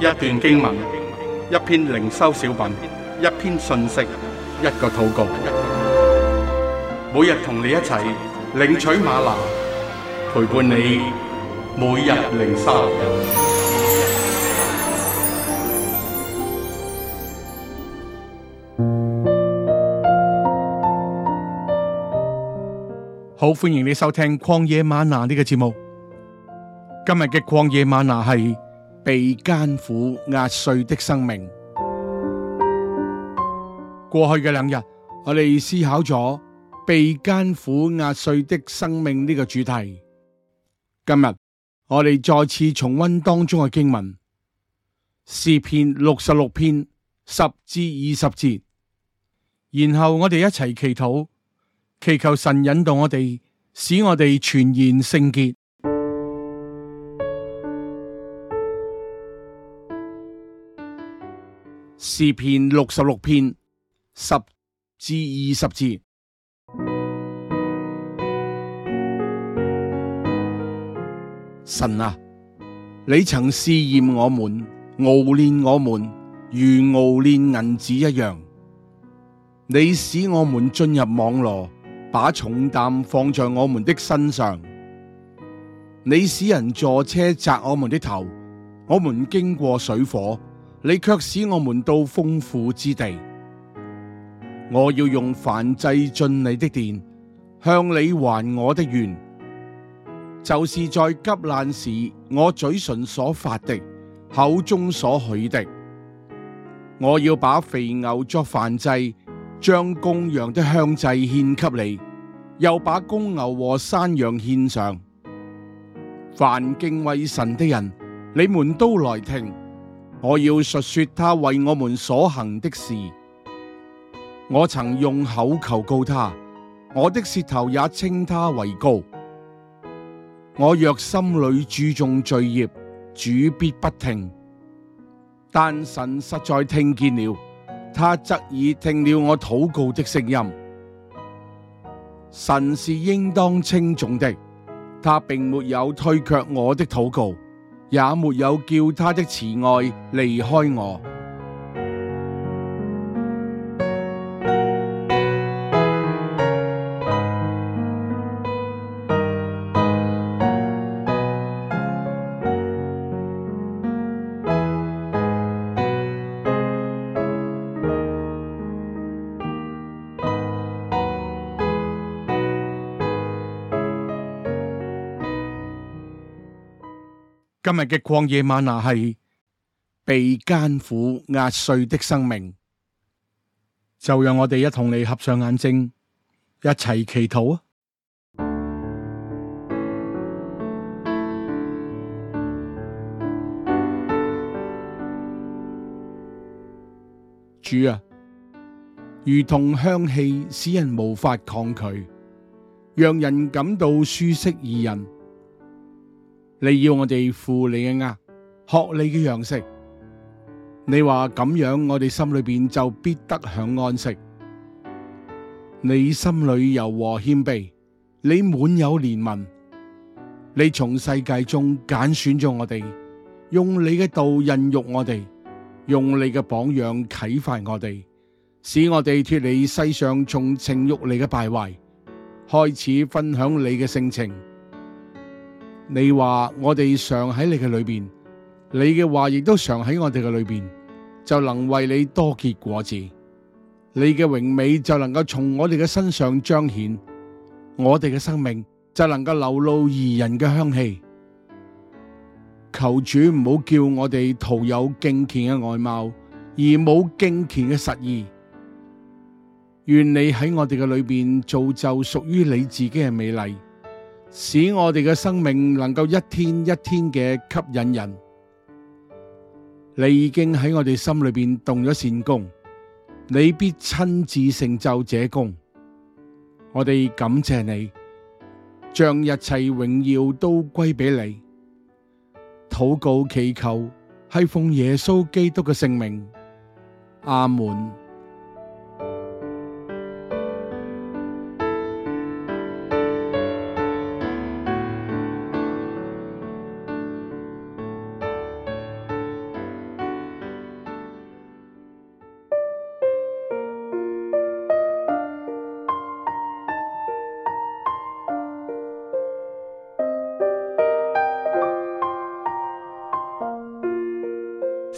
一段經文，一篇靈修小品，一篇信息，一個禱告。每日同你一齊領取嗎哪，陪伴你每日靈修。好，歡迎你收聽《曠野嗎哪》呢個節目。今日嘅《曠野嗎哪》係。被艱苦壓碎的生命。過去嘅兩日，我哋思考咗被艱苦壓碎的生命呢個主題。今日我哋再次重溫當中嘅經文，詩篇六十六篇十至二十節，然後我哋一齊祈禱，祈求神引導我哋，使我哋全然聖潔。詩篇六十六篇十至二十節。神啊，你曾試驗我們，熬煉我們，如熬煉銀子一樣。你使我們進入網羅，把重擔放在我們的身上。你使人坐車砸我們的頭，我們經過水火。你卻使我們到豐富之地，我要用燔祭進你的殿，向你還我的願，就是在急難時我嘴唇所發的，口中所許的。我要把肥牛作燔祭，將公羊的香祭獻給你，又把公牛和山羊獻上。凡敬畏神的人，你們都來聽。我要述說他為我們所行的事。我曾用口求告他，我的舌頭也稱他為高。我若心裏注重罪孽，主必不聽；但神實在聽見了，他側耳聽了我禱告的聲音。神是應當稱頌的，他並沒有推卻我的禱告。也沒有叫他的慈愛離開我。今日嘅曠野嗎哪係被艱苦壓碎的生命，就讓我哋一同你合上眼睛，一齊祈禱啊！主啊，如同香氣使人無法抗拒，讓人感到舒適宜人。你要我哋負你嘅軛，學你嘅樣式。你話咁樣，我哋心裏邊就必得享安息。你心裏柔和謙卑，你滿有憐憫。你從世界中揀選咗我哋，用你嘅道孕育我哋，用你嘅榜樣啟發我哋，使我哋脫離世上從情欲嚟嘅敗壞，開始分享你嘅性情。你話我哋常喺你嘅裏邊，你嘅話亦都常喺我哋嘅裏邊，就能為你多結果子。你嘅榮美就能夠從我哋嘅身上彰顯，我哋嘅生命就能夠流露宜人嘅香氣。求主唔好叫我哋徒有敬虔嘅外貌，而冇敬虔嘅實意。願你喺我哋嘅裏邊造就屬於你自己嘅美麗。使我哋嘅生命能夠一天一天嘅吸引人。你已經喺我哋心裏邊動咗善工，你必親自成就這工。我哋感謝你，將一切榮耀都歸俾你。禱告祈求係奉耶穌基督嘅聖名，阿門。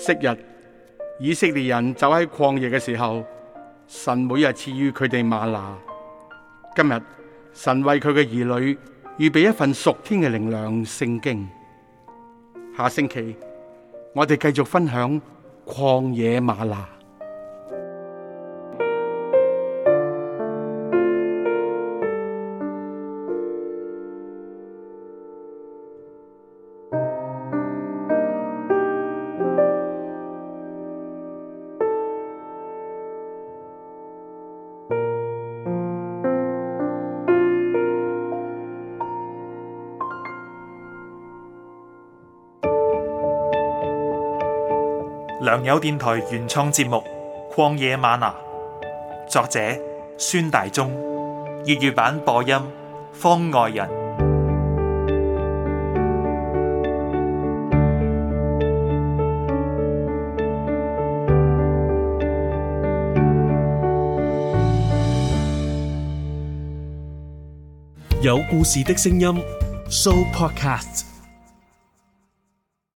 昔日以色列人走喺曠野嘅時候，神每日賜予佢哋嗎哪。今日神為佢嘅兒女預備一份屬天嘅靈糧聖經。下星期我哋繼續分享曠野嗎哪。良友電台原創節目《曠野嗎哪》，作者孫大中，粵語版播音方外人，有故事的聲音 Show Podcast。